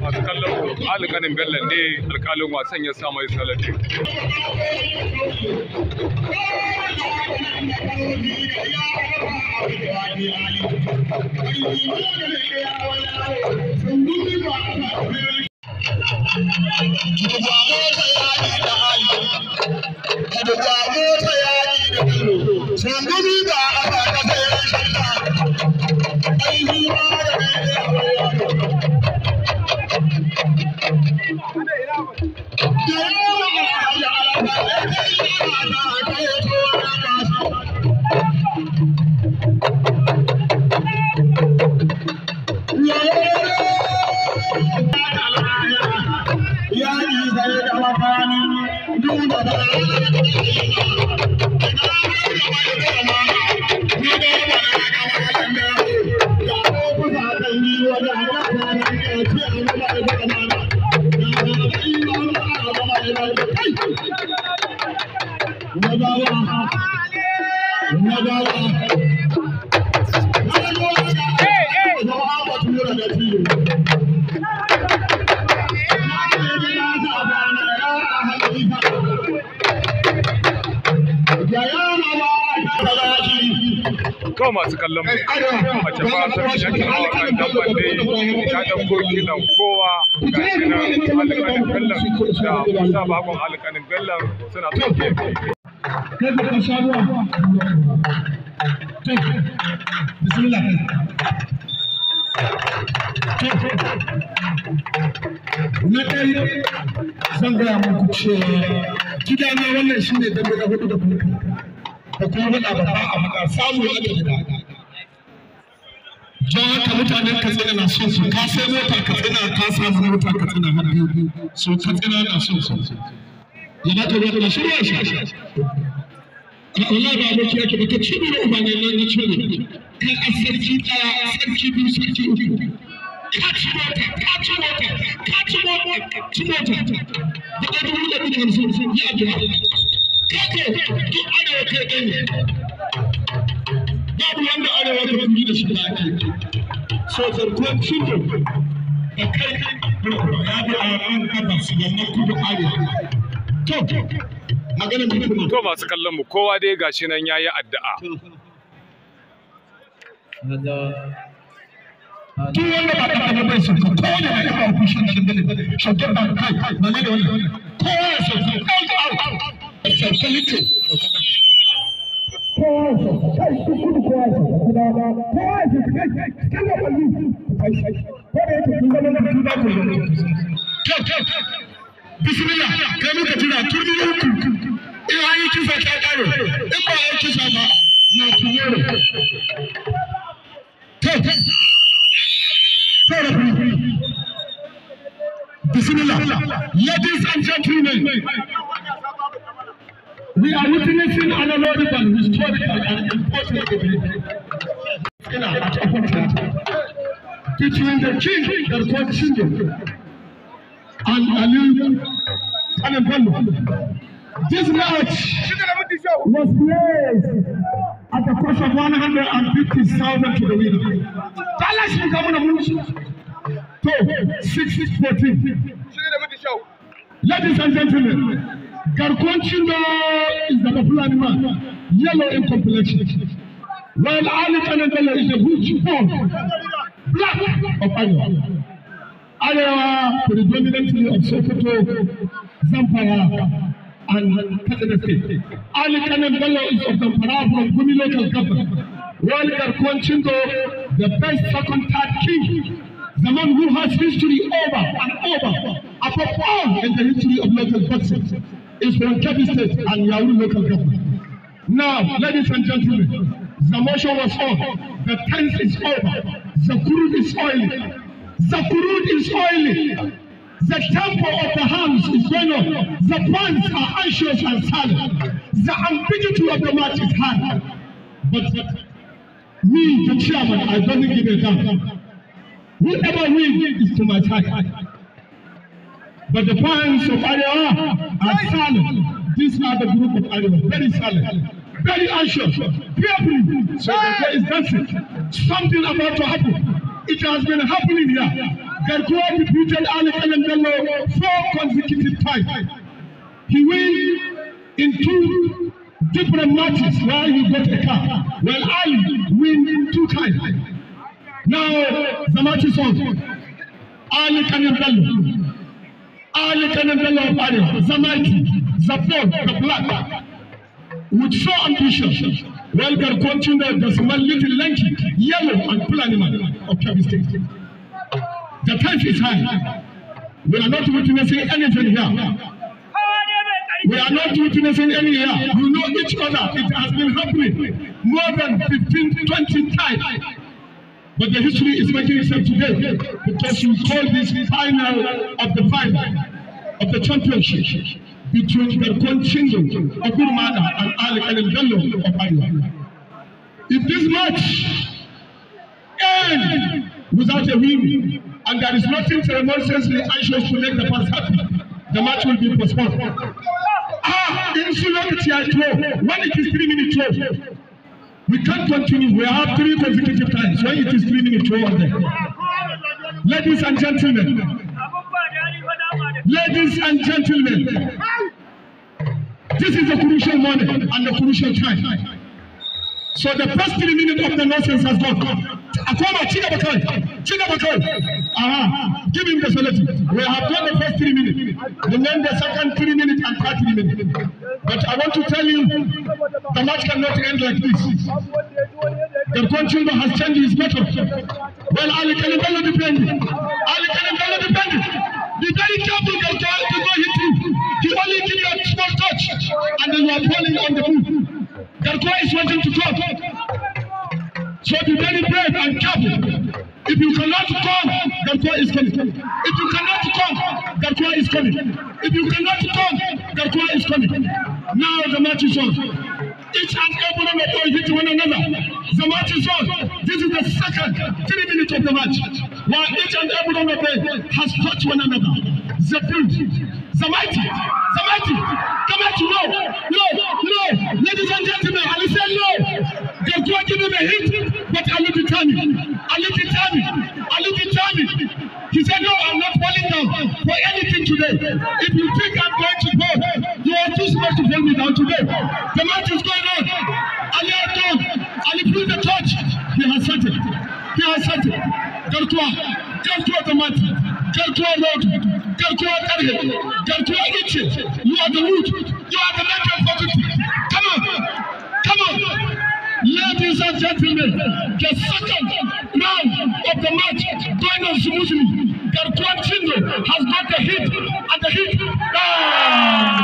masu kallon alƙalin bello ne alƙalin wasan ya sa mai salati Thank you. da kwabo ta Nagawa. Nagawa. kawai masu kallon mu mace ba ta yankin hawa dan bande ta dan nan kowa ga kiran alƙalin bellan da musa bakon alƙalin bellan suna tsoke kai zan gaya muku wannan shine dambe hudu da kuma ko kuma ba a maka samu ya gida don haka mutanen katsina na son su ka sai mota katsina ka samu mota katsina har biyu so katsina na son su yana ta zuwa shirya shi ka kula ba aboki yake ba ka cire ne uba ne na na cire ka a sarki ɗaya biyu sarki uku ka ci mota ka ci mota ka ci mota ka ci mota da ɗaya dubu da ɗaya ya abuwa take duk arewa ta ɗaya babu wanda arewa da wani da shi da ake so zarkuwar cikin da kai ya bi a yaran gabas yamma kudu arewa to maganin mutum to masu kallon mu kowa dai gashi nan yayi addu'a duk wanda ba ta da bai sun ko ne ba ba ku shin ne, da shin da kai ba ne da wannan kowa ya sun kai sauƙaƙe kowa ya kai su kudu kowa ko na kan an yi kisa ta ƙare ba a kisa na tunyere kyau kyau da ladies and gentlemen We are witnessing an honorable, historical, and important event at Apotra between the king, the court senior, and Ali Anabello. This match was placed at the cost of 150,000 to the winner. Dallas become a movie. So, 6 14. Ladies and gentlemen, Garkonchindo is the Fulani man, yellow in complexion. While Ali Kanandela is a rich bone, black of iron. Iowa predominantly of Sokoto, Zampara, and Kaduna State. Ali Kanandela is of Zampara from Gumi local government. While Garkonchindo, the best second third king the man who has history over and over, above all in the history of local boxing. is from Kebbi State and Yaoru local government. Now, ladies and gentlemen, the motion was on. The tense is over. The crude is oily. The crude is oily. The tempo of the hands is going on. The plants are anxious and silent. The ambiguity of the match is high. But me, the chairman, I don't give a damn. Whatever wins is to my side. But the fans of Arewa are silent. These are the group of Arewa, very silent, very anxious, fearful. So there is dancing. Something about to happen. It has been happening here. Garkuwa defeated Ali Elendelo four consecutive times. He win in two different matches while he got a car Well, Ali win two times. Now the match is on. Ali Elendelo Alikanin Bello of Arewa, the mighty, the Black, with so ambitions, well they continue to small little lanky, yellow and full animal of Kebbi State. The time is high. We are not witnessing anything here. We are not witnessing any here. You know each other. It has been happening more than 15, 20 times. But the history is making itself today because you call this final of the final of the championship between the continue of Gurmana and Ali Kalim Bello of Iowa. If this match ends without a win, and there is nothing ceremoniously anxious to make the pass happen, the match will be postponed. Ah, in so long when it is three minutes left, We can't continue. We have three consecutive times. When it is three minutes over there. Ladies and gentlemen. Ladies and gentlemen. This is the crucial moment and the crucial time. So the first three minutes of the nonsense has gone. Akoma, Chida Bakai. Chida Bakai. Aha. Give him the solution We have done the first three minutes. And then the second three minutes and third three minutes. But The match cannot end like this. The goalkeeper has changed his method. Well, Ali Kalibello defended. Ali Kalibello defended. The very careful, Galkar, to go hit you. He only give that small touch, and then you are falling on the move. Galkar is wanting to come. So be very brave and careful. If you cannot come, Galkar is coming. If you cannot come, Galkar is coming. If you cannot come, Galkar is coming. now the match is Each and every one of them hit one another. The match is This is the second three minutes of the match. While each and every one of them has touched one another. The build, the mighty, Come out, no, no, no. Ladies and gentlemen, I say no. They're going to give him a hit, but Ali Titani, Ali Titani, Ali Titani. He said, no, I'm not falling down for anything today. If you think I'm going to go, is not to go without today. The match is going on. Ali Adam, Ali through the touch. He has it. He has it. the match. Ichi. You are the root. You are the Come on. Come on. Ladies and gentlemen, the second round of the match going on smoothly. Chindo has got the hit and the hit. Ah!